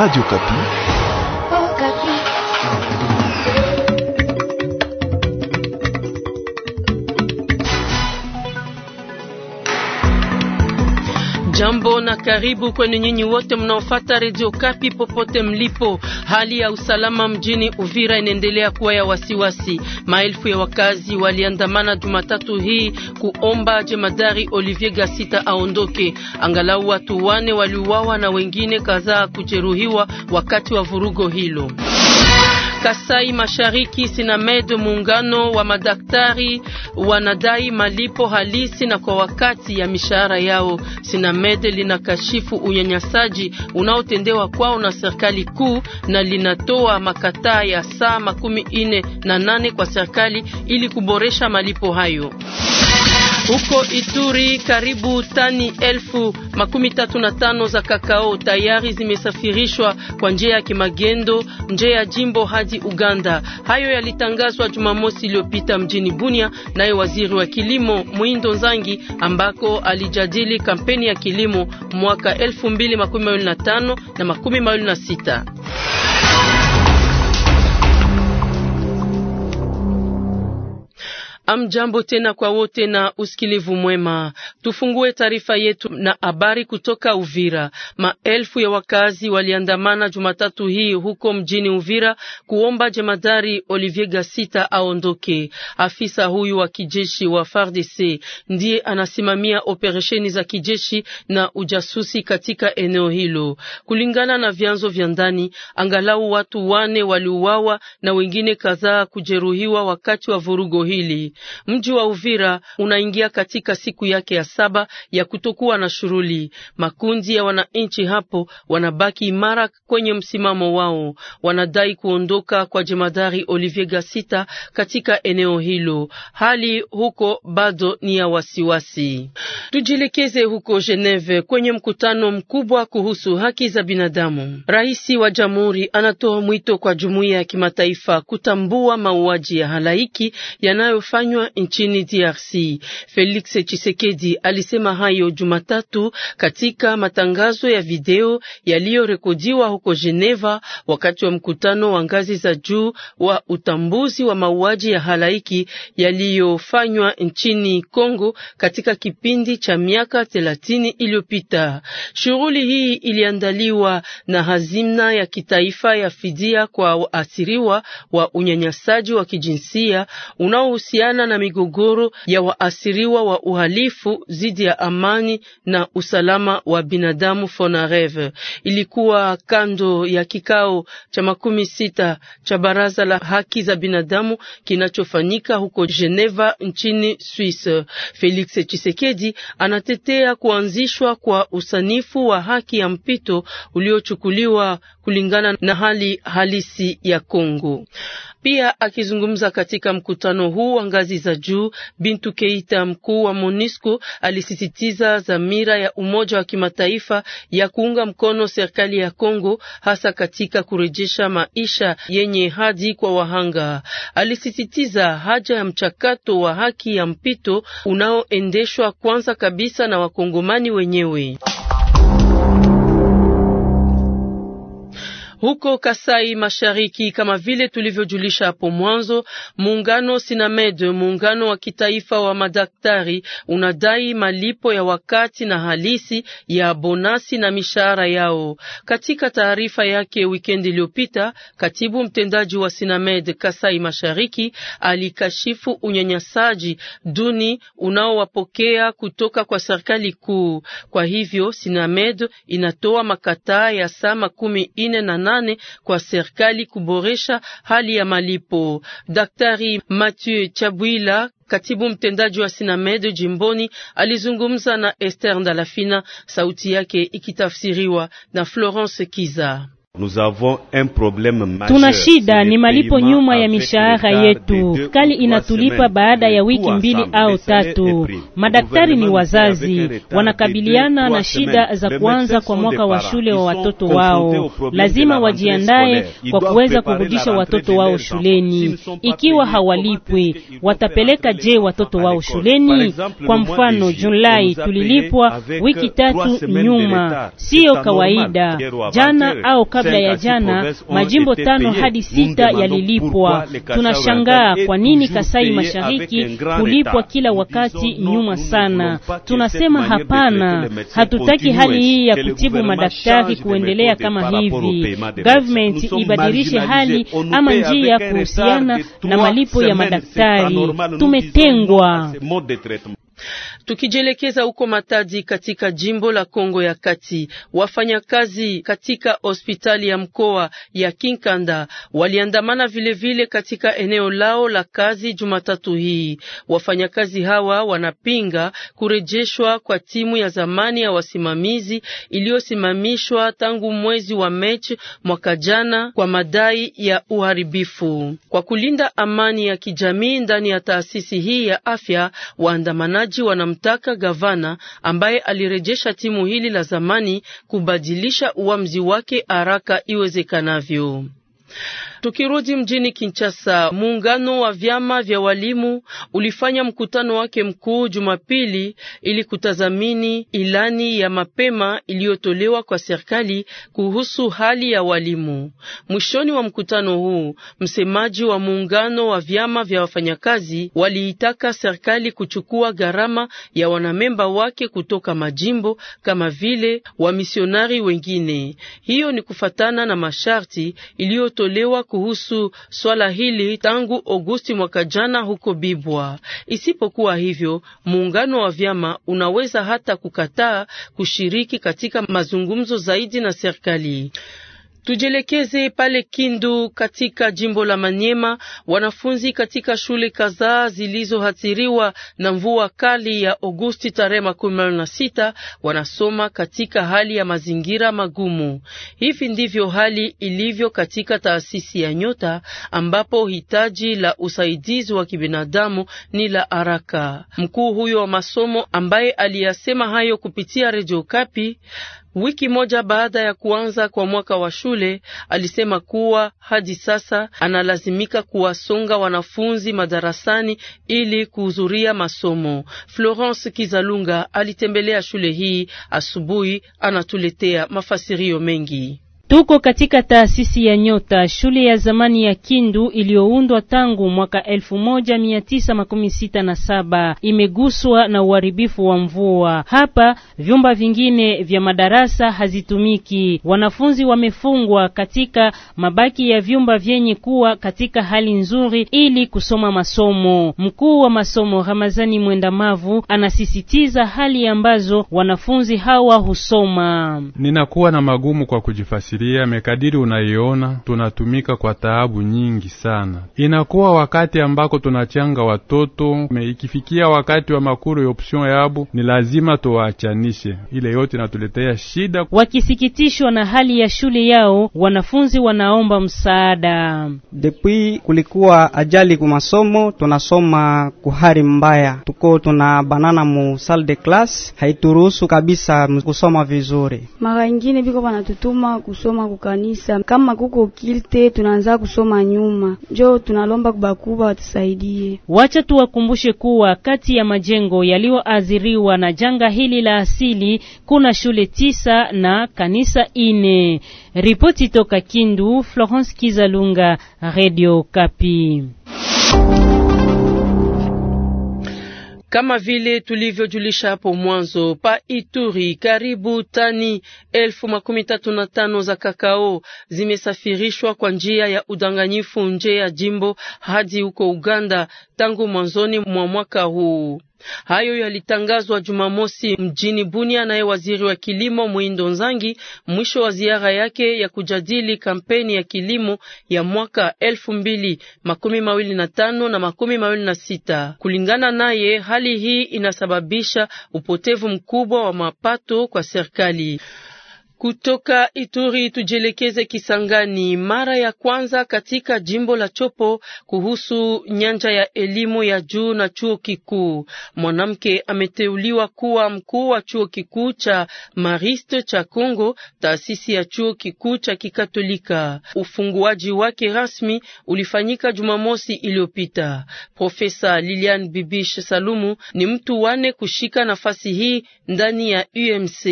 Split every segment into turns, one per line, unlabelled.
Radio Kapi.
Jambo na karibu kwenu nyinyi wote mnaofuata Radio Kapi popote mlipo. Hali ya usalama mjini Uvira inaendelea kuwa ya wasiwasi. Maelfu ya wakazi waliandamana Jumatatu hii kuomba jemadari Olivier Gasita aondoke. Angalau watu wane waliuawa na wengine kadhaa kujeruhiwa wakati wa vurugo hilo. Kasai Mashariki, Sinamed, muungano wa madaktari wanadai malipo halisi na kwa wakati ya mishahara yao. Sinamed linakashifu unyanyasaji unaotendewa kwao na serikali kuu na linatoa makataa ya saa makumi ine na nane kwa serikali ili kuboresha malipo hayo. Huko Ituri karibu tani elfu makumi tatu na tano za kakao tayari zimesafirishwa kwa njia ya kimagendo nje ya jimbo hadi Uganda. Hayo yalitangazwa Jumamosi iliyopita mjini Bunia, naye waziri wa kilimo Mwindo Nzangi, ambako alijadili kampeni ya kilimo mwaka 2025 na 2026. Amjambo tena kwa wote na usikilivu mwema. Tufungue taarifa yetu na habari kutoka Uvira. Maelfu ya wakazi waliandamana Jumatatu hii huko mjini Uvira kuomba jemadari Olivier Gasita aondoke. Afisa huyu wa kijeshi wa FARDC ndiye anasimamia operesheni za kijeshi na ujasusi katika eneo hilo. Kulingana na vyanzo vya ndani, angalau watu wane waliuawa na wengine kadhaa kujeruhiwa wakati wa vurugo hili. Mji wa Uvira unaingia katika siku yake ya saba ya kutokuwa na shughuli. Makundi ya wananchi hapo wanabaki imara kwenye msimamo wao, wanadai kuondoka kwa jemadari Olivier Gasita katika eneo hilo. Hali huko bado ni ya wasiwasi. Tujielekeze huko Geneve kwenye mkutano mkubwa kuhusu haki za binadamu. Rais wa jamhuri anatoa mwito kwa jumuiya ya kimataifa kutambua mauaji ya halaiki yanayofanya kufanywa nchini DRC. Felix Chisekedi alisema hayo Jumatatu katika matangazo ya video yaliyorekodiwa huko Geneva wakati wa mkutano wa ngazi za juu wa utambuzi wa mauaji ya halaiki yaliyofanywa nchini Kongo katika kipindi cha miaka 30 iliyopita. Shughuli hii iliandaliwa na hazina ya kitaifa ya fidia kwa waathiriwa wa unyanyasaji wa kijinsia unaohusiana kukabiliana na migogoro ya waasiriwa wa uhalifu dhidi ya amani na usalama wa binadamu FONAREV. Ilikuwa kando ya kikao cha makumi sita cha baraza la haki za binadamu kinachofanyika huko Geneva nchini swisse Felix Tshisekedi anatetea kuanzishwa kwa usanifu wa haki ya mpito uliochukuliwa kulingana na hali halisi ya Kongo. Pia akizungumza katika mkutano huu wa ngazi za juu, Bintu Keita, mkuu wa MONUSCO, alisisitiza dhamira ya Umoja wa Kimataifa ya kuunga mkono serikali ya Kongo, hasa katika kurejesha maisha yenye hadhi kwa wahanga. Alisisitiza haja ya mchakato wa haki ya mpito unaoendeshwa kwanza kabisa na wakongomani wenyewe. Huko Kasai Mashariki, kama vile tulivyojulisha hapo mwanzo, muungano Sinamed, muungano wa kitaifa wa madaktari, unadai malipo ya wakati na halisi ya bonasi na mishahara yao. Katika taarifa yake wikendi iliyopita, katibu mtendaji wa Sinamed Kasai Mashariki alikashifu unyanyasaji duni unaowapokea kutoka kwa serikali kuu. Kwa hivyo Sinamed inatoa makataa ya saa makumi ine na nane kwa serikali kuboresha hali ya malipo. Daktari Mathieu Chabwila katibu mtendaji wa Sinamed jimboni alizungumza na Esther Ndalafina, sauti yake ikitafsiriwa na
Florence
Kiza. Tuna shida ni malipo nyuma
ya mishahara yetu. kali inatulipa baada ya wiki mbili au tatu. Madaktari ni wazazi, wanakabiliana na shida za kuanza kwa mwaka wa shule wa watoto wao. Lazima wajiandae kwa kuweza kurudisha watoto wao shuleni. Ikiwa hawalipwi, watapeleka je watoto wao shuleni? Kwa mfano, Julai tulilipwa wiki tatu nyuma, siyo kawaida. Jana au kabla ya jana, majimbo tano hadi sita yalilipwa. Tunashangaa kwa nini Kasai Mashariki kulipwa kila wakati nyuma sana. Tunasema hapana, hatutaki hali hii ya kutibu madaktari kuendelea kama hivi. Government ibadilishe hali ama njia kuhusiana na malipo ya madaktari. Tumetengwa.
Tukijielekeza huko Matadi katika jimbo la Kongo ya Kati, wafanyakazi katika hospitali ya mkoa ya Kinkanda waliandamana vilevile vile katika eneo lao la kazi Jumatatu hii. Wafanyakazi hawa wanapinga kurejeshwa kwa timu ya zamani ya wasimamizi iliyosimamishwa tangu mwezi wa Machi mwaka jana kwa madai ya uharibifu. Kwa kulinda amani ya kijamii ndani ya taasisi hii ya afya, waandamanaji Waandaaji wanamtaka gavana ambaye alirejesha timu hili la zamani kubadilisha uamuzi wake haraka iwezekanavyo. Tukirudi mjini Kinshasa, muungano wa vyama vya walimu ulifanya mkutano wake mkuu Jumapili ili kutazamini ilani ya mapema iliyotolewa kwa serikali kuhusu hali ya walimu. Mwishoni wa mkutano huu, msemaji wa muungano wa vyama vya wafanyakazi waliitaka serikali kuchukua gharama ya wanamemba wake kutoka majimbo kama vile wamisionari wengine. Hiyo ni kufatana na masharti iliyotolewa kuhusu swala hili tangu Agosti mwaka jana huko Bibwa. Isipokuwa hivyo, muungano wa vyama unaweza hata kukataa kushiriki katika mazungumzo zaidi na serikali. Tujielekeze pale Kindu katika jimbo la Manyema. Wanafunzi katika shule kadhaa zilizohatiriwa na mvua kali ya Agosti tarehe makumi na sita wanasoma katika hali ya mazingira magumu. Hivi ndivyo hali ilivyo katika taasisi ya Nyota ambapo hitaji la usaidizi wa kibinadamu ni la haraka. Mkuu huyo wa masomo ambaye aliyasema hayo kupitia Radio Kapi Wiki moja baada ya kuanza kwa mwaka wa shule, alisema kuwa hadi sasa analazimika kuwasonga wanafunzi madarasani ili kuhudhuria masomo. Florence Kizalunga alitembelea shule hii asubuhi, anatuletea mafasirio mengi.
Tuko katika taasisi ya Nyota, shule ya zamani ya Kindu iliyoundwa tangu mwaka 1967 imeguswa na uharibifu wa mvua. Hapa vyumba vingine vya madarasa hazitumiki, wanafunzi wamefungwa katika mabaki ya vyumba vyenye kuwa katika hali nzuri ili kusoma masomo. Mkuu wa masomo Ramazani Mwendamavu anasisitiza hali ambazo wanafunzi hawa husoma.
Ninakuwa na magumu kwa kujifasi Biblia mekadiri unaiona tunatumika kwa taabu nyingi sana. Inakuwa wakati ambako tunachanga watoto, ikifikia wakati wa makuru ya option yabu ni lazima tuwaachanishe. Ile yote inatuletea shida.
Wakisikitishwa na hali ya shule yao, wanafunzi wanaomba msaada.
Depuis kulikuwa
ajali kwa masomo, tunasoma kuhari mbaya, tuko tuna banana mu salle de classe, haituruhusu kabisa kusoma vizuri.
Mara nyingine biko banatutuma kusoma kusoma kukanisa. Kama kuko kilte, tunaanza kusoma nyuma, njo tunalomba kubakuba watusaidie.
Wacha tuwakumbushe kuwa kati ya majengo yaliyoathiriwa na janga hili la asili kuna shule tisa na kanisa ine. Ripoti toka Kindu, Florence Kizalunga, Radio Kapi.
Kama vile tulivyojulisha hapo mwanzo, pa Ituri karibu tani elfu makumi tatu na tano za kakao zimesafirishwa kwa njia ya udanganyifu nje ya jimbo hadi huko Uganda tangu mwanzoni mwa mwaka huu. Hayo yalitangazwa Jumamosi mjini Bunia naye waziri wa kilimo Mwindo Nzangi mwisho wa ziara yake ya kujadili kampeni ya kilimo ya mwaka elfu mbili makumi mawili na tano na makumi mawili na sita. Kulingana naye, hali hii inasababisha upotevu mkubwa wa mapato kwa serikali. Kutoka Ituri tujielekeze Kisangani. Mara ya kwanza katika jimbo la Chopo kuhusu nyanja ya elimu ya juu na chuo kikuu, mwanamke ameteuliwa kuwa mkuu wa chuo kikuu cha Mariste cha congo taasisi ya chuo kikuu cha Kikatolika. Ufunguaji wake rasmi ulifanyika Jumamosi iliyopita. Profesa Lilian Bibish Salumu ni mtu wane kushika nafasi hii ndani ya UMC.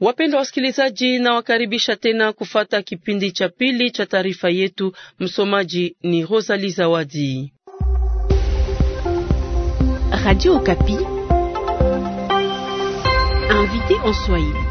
Wapendwa wasikilizaji, nawakaribisha tena kufata kipindi cha pili cha taarifa yetu. Msomaji ni rosali Zawadi,
Radio Okapi, invité en Swahili.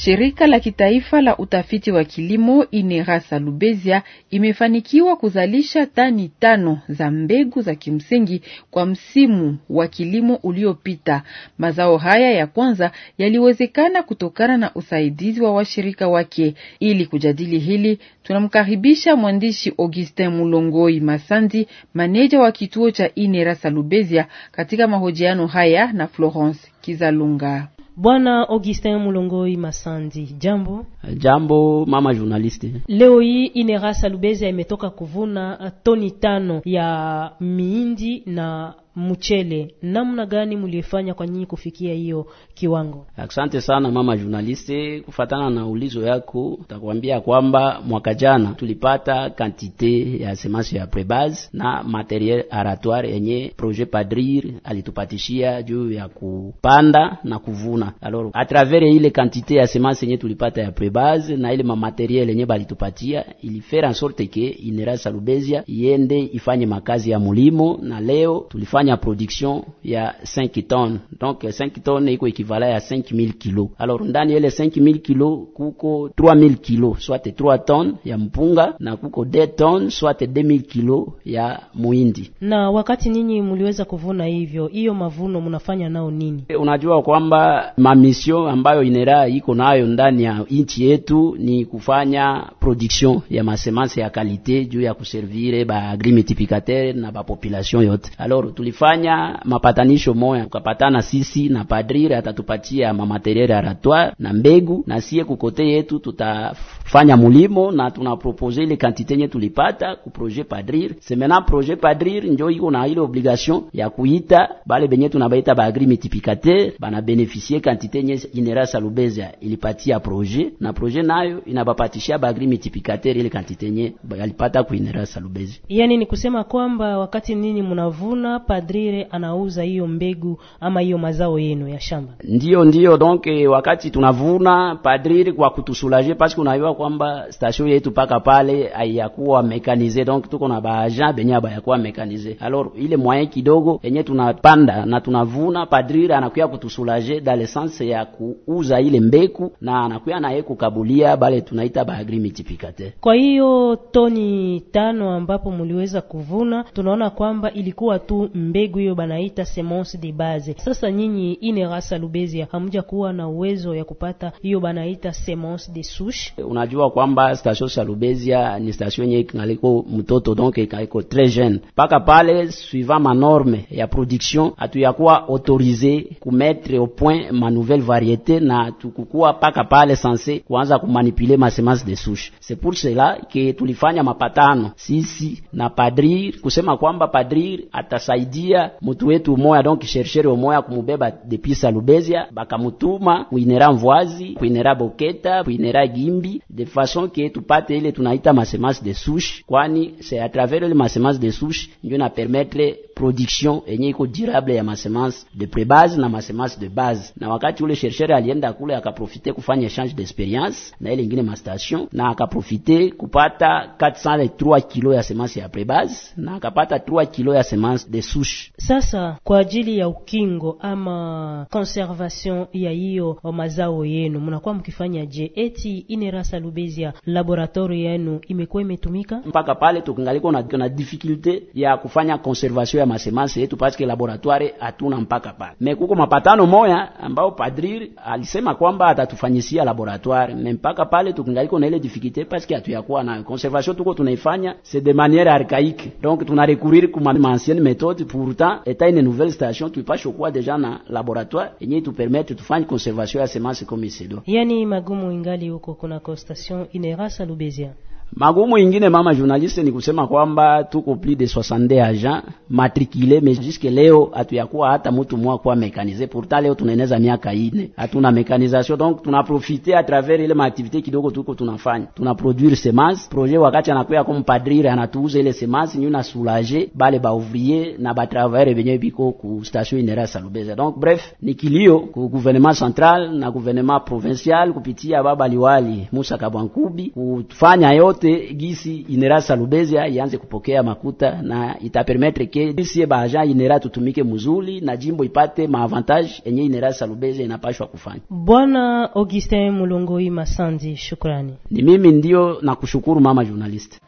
Shirika la kitaifa la utafiti wa kilimo Inerasa Lubezia imefanikiwa kuzalisha tani tano za mbegu za kimsingi kwa msimu wa kilimo uliopita. Mazao haya ya kwanza yaliwezekana kutokana na usaidizi wa washirika wake. Ili kujadili hili, tunamkaribisha mwandishi Augustin Mulongoi Masandi, maneja wa kituo cha Inerasa Lubezia, katika mahojiano haya na Florence Kizalunga.
Bwana Augustin Mulongoi Masandi, jambo.
Jambo mama journaliste.
Leo hii Inera Salubeza imetoka kuvuna toni tano ya miindi na mchele, namna gani mlifanya kwa nyinyi kufikia hiyo kiwango?
Asante sana mama journaliste, kufatana na ulizo yako takwambia kwamba mwaka jana tulipata kantite ya semence ya prebase na materiel aratoire yenye projet Padrir alitupatishia juu ya kupanda na kuvuna. Alors a travers ile kantite ya semence yenye tulipata ya prebase na ile mamateriel yenye balitupatia faire en sorte ke inera Lubezia iende ifanye makazi ya mulimo, na leo tulifanya wanafanya production ya 5 ton, donc 5 tonnes iko ekivala ya 5000 kilo. Alors ndani ile 5000 kilo kuko 3000 kilo soit 3 ton ya mpunga na kuko 2 ton soit 2000 kilo ya muhindi.
Na wakati ninyi mliweza kuvuna hivyo, hiyo mavuno mnafanya nao nini?
E, unajua kwamba mamisio ambayo inera iko nayo ndani ya inchi yetu ni kufanya production ya masemanse ya kalite juu ya kuservire ba agrimultiplicateur na ba population yote. Alors tulifanya mapatanisho moya, tukapatana sisi na padrire, atatupatia mamateriel aratoire na mbegu, na sie kukote yetu tutafanya mulimo, na tunapropose ile kantite nye tulipata ku projet padrire. Semena projet padrire njo iko na ile obligation ya kuita bale benye tunabaita ba agri multiplicateur, bana beneficie kantite nye General Salubeza ilipatia projet, na projet nayo inabapatishia ba agri multiplicateur ile kantite nye alipata ku General Salubeza.
Yani ni kusema kwamba wakati nini mnavuna pa padrire anauza hiyo mbegu ama hiyo mazao yenu ya shamba?
Ndiyo, ndiyo. Donc wakati tunavuna padrire kwa kutusulaje, parce unajua kwamba station yetu paka pale haiyakuwa mekanize, donc tuko na baaja benye abayakuwa mekanize. Alors ile moyen kidogo yenye tunapanda na tunavuna, padrire anakuya kutusulaje dans le sens ya kuuza ile mbegu na anakuya naye kukabulia bale tunaita ba agri multiplicateur.
Kwa hiyo toni tano ambapo mliweza kuvuna, tunaona kwamba ilikuwa tu mbegu hiyo banaita semence de base. Sasa nyinyi ine rasa Lubezia hamja kuwa na uwezo ya kupata hiyo banaita semence de souche.
Unajua kwamba station ya Lubezia ni station yenye kingaliko mtoto donc ikaiko très jeune paka pale suivant ma norme ya production atuyakuwa autorisé kumettre au point ma nouvelle variété na tukukua paka pale sanse kuanza kumanipule ma semence de souche. C'est pour cela que tulifanya mapatano sisi na padrir kusema kwamba padrir atasaidia balijia mutu wetu umoya donc cherchere umoya kumubeba depisa Lubezia bakamutuma kuinera Mvwazi kuinera Boketa kuinera Gimbi de façon que tupate ile tunaita masemasi de sushi, kwani c'est à travers ile masemasi de sushi ndio na permettre production yenye iko durable ya masemasi de prebase na masemasi de base. Na wakati ule chercheur alienda kule akaprofite kufanya echange d'experience na ile ingine mastation, na akaprofite kupata 403 kilo ya semence ya prebase na akapata 3 kilo ya semence de souche.
Sasa kwa ajili ya ukingo ama conservation ya hiyo mazao yenu mnakuwa je Eti inerasa lubezia laboratory yenu imekuwa imetumika
mpaka pale tukingaliko na, na difficulty ya kufanya conservation ya masemase yetu paske laboratoire hatuna mpaka pale. Me kuko mapatano moya ambao padrir alisema kwamba atatufanyisia laboratoire, me mpaka pale tukingaliko na ile difficulté paske hatuyakuwa nayo. Conservation tuko tunaifanya c'est de manière archaïque, donc tuna recourir kuma ancienne méthode. Pourtant eta une nouvelle station tuipashe kuwa deja na laboratoire yenye tupermete tufanye conservation ya semence comme c'est isido. Yani magumu
ingali huko kuna station Inera Lubezia
Magumu ingine mama journaliste ni kusema kwamba tuko plus de 60 agents matriculés mais jusque leo hatuyakuwa hata mtu mmoja kwa mekanize. Pourtant leo tunaeneza miaka ine hatuna mekanisation, donc tunaprofite à travers ile maaktivite kidogo tuko tunafanya, tunaproduire semence projet. Wakati anakuya comme padrire anatuuza ile semence nyuna na soulager bale ba ouvrier na ba travailleur benye biko ku station inera Salubeza. Donc bref, ni kilio ku gouvernement central na gouvernement provincial kupitia baba liwali Musa Kabwankubi kufanya yo yote gisi inera Salubezia ianze kupokea makuta na itapermetre ke gisi baja inera tutumike mzuri na jimbo ipate maavantage enye inera Salubezia inapashwa kufanya.
Bwana Augustin Mulongoi Masandi, shukrani.
Ni mimi ndio nakushukuru mama journalist.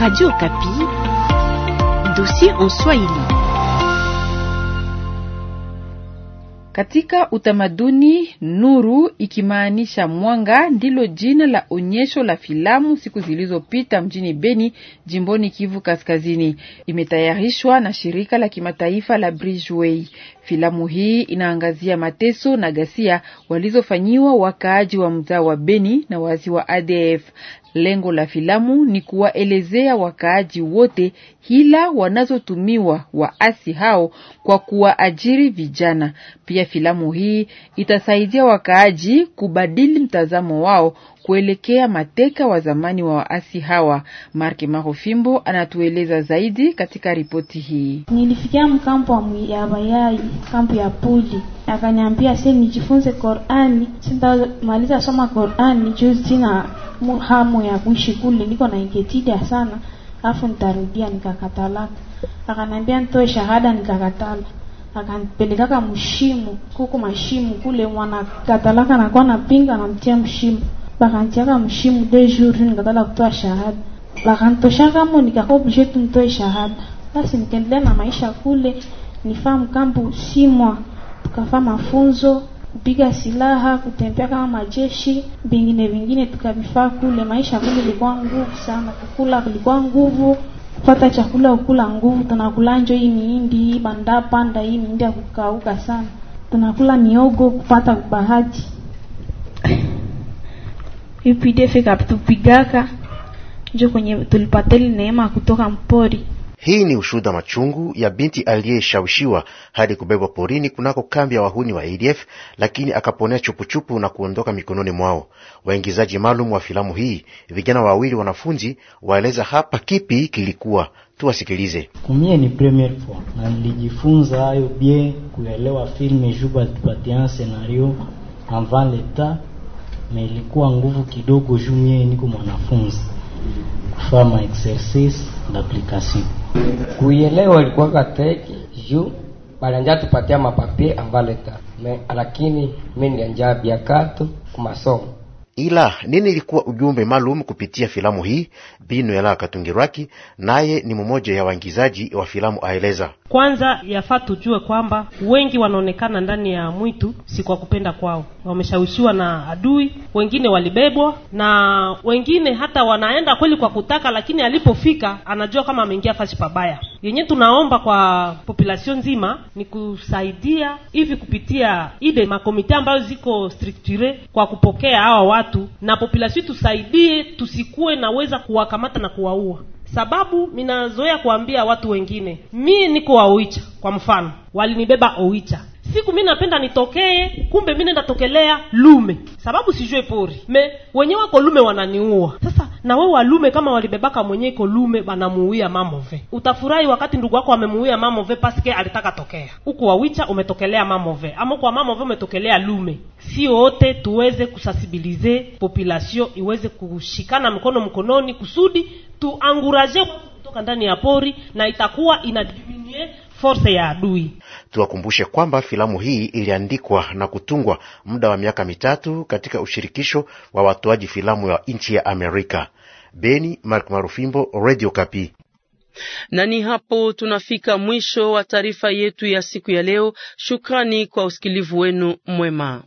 Radio Kapi,
dossier en Swahili. Katika utamaduni, nuru ikimaanisha mwanga ndilo jina la onyesho la filamu siku zilizopita mjini Beni, jimboni Kivu Kaskazini. Imetayarishwa na shirika la kimataifa la Bridgeway. Filamu hii inaangazia mateso na ghasia walizofanyiwa wakaaji wa mtaa wa Beni na waasi wa ADF. Lengo la filamu ni kuwaelezea wakaaji wote hila wanazotumiwa waasi hao kwa kuwaajiri vijana. Pia filamu hii itasaidia wakaaji kubadili mtazamo wao kuelekea mateka wa zamani wa waasi hawa. Mark Marofimbo anatueleza zaidi katika ripoti hii.
Nilifikia mkampo ya Bayai, kampu ya Puli, akaniambia si nijifunze korani sitamaliza soma korani juu sina hamu ya kuishi kule, niko na ingetida sana afu nitarudia nikakatalaka. Akanambia ntoe shahada, nikakatala. Akanipelekaka mshimu kuku mashimu kule, katalaka nakuwa napinga, namtia mshimu, bakantiaka mshimu de jour, nikatala kutoa shahada, bakantoshaka mo, nikakuwa obligé tu shahada. Basi nikaendelea na maisha kule, nifaa mkambu simwa, tukafaa mafunzo kupiga silaha, kutembea kama majeshi, vingine vingine tukavifaa kule. Maisha kule ilikuwa nguvu sana, kukula kulikuwa nguvu, kupata chakula ukula nguvu. Tunakula njo hii mihindi banda panda hii mihindi ya kukauka sana, tunakula miogo kupata bahati UPDF tupigaka njo kwenye tulipateli neema kutoka mpori
hii ni ushuhuda machungu ya binti aliyeshawishiwa hadi kubebwa porini kunako kambi ya wahuni wa ADF, lakini akaponea chupuchupu na kuondoka mikononi mwao. Waingizaji maalum wa filamu hii, vijana wawili wanafunzi, waeleza hapa kipi kilikuwa. Tuwasikilize.
Kumie ni premier fois na nilijifunza hayo bien kuelewa filme juba scenario avant leta, ilikuwa nguvu kidogo juu mie niko mwanafunzi kufama exercise exercice d'application.
Kuielewa ilikuwa kateki juu balanja tupatia mapapie ambaleta me lakini mimi ndianja biakatu kumasomo
Ila nini ilikuwa ujumbe
maalum kupitia filamu hii? binu Yala Katungirwaki naye ni mmoja ya waingizaji wa
filamu, aeleza. Kwanza yafaa tujue kwamba wengi wanaonekana ndani ya mwitu si kwa kupenda kwao, wameshawishiwa na adui, wengine walibebwa, na wengine hata wanaenda kweli kwa kutaka, lakini alipofika anajua kama ameingia fashi pabaya. Yenye tunaomba kwa populasion nzima ni kusaidia hivi kupitia ide makomite ambayo ziko structure kwa kupokea hawa watu watu na populasi tusaidie, tusikuwe naweza kuwakamata na kuwaua sababu minazoea kuambia watu wengine, mi niko wa Oicha kwa mfano, walinibeba Oicha siku mi napenda nitokee kumbe mi nenda tokelea lume sababu sijue pori me wenye wako lume wananiua sasa na we walume kama walibebaka mwenye iko lume banamuuia mamove utafurahi wakati ndugu wako amemuuia mamove paske alitaka tokea huku wawicha umetokelea mamove ama kwa mamove umetokelea lume si wote tuweze kusasibilize population iweze kushikana mkono mkononi kusudi tuanguraje kutoka ndani ya pori na itakuwa inadiminie force ya adui
Tuwakumbushe kwamba filamu hii iliandikwa na kutungwa muda wa miaka mitatu katika ushirikisho wa watoaji filamu ya nchi ya Amerika. Beni, Mark Marufimbo, Radio Kapi. Na ni hapo tunafika mwisho wa taarifa yetu ya siku ya leo. Shukrani kwa usikilivu wenu
mwema.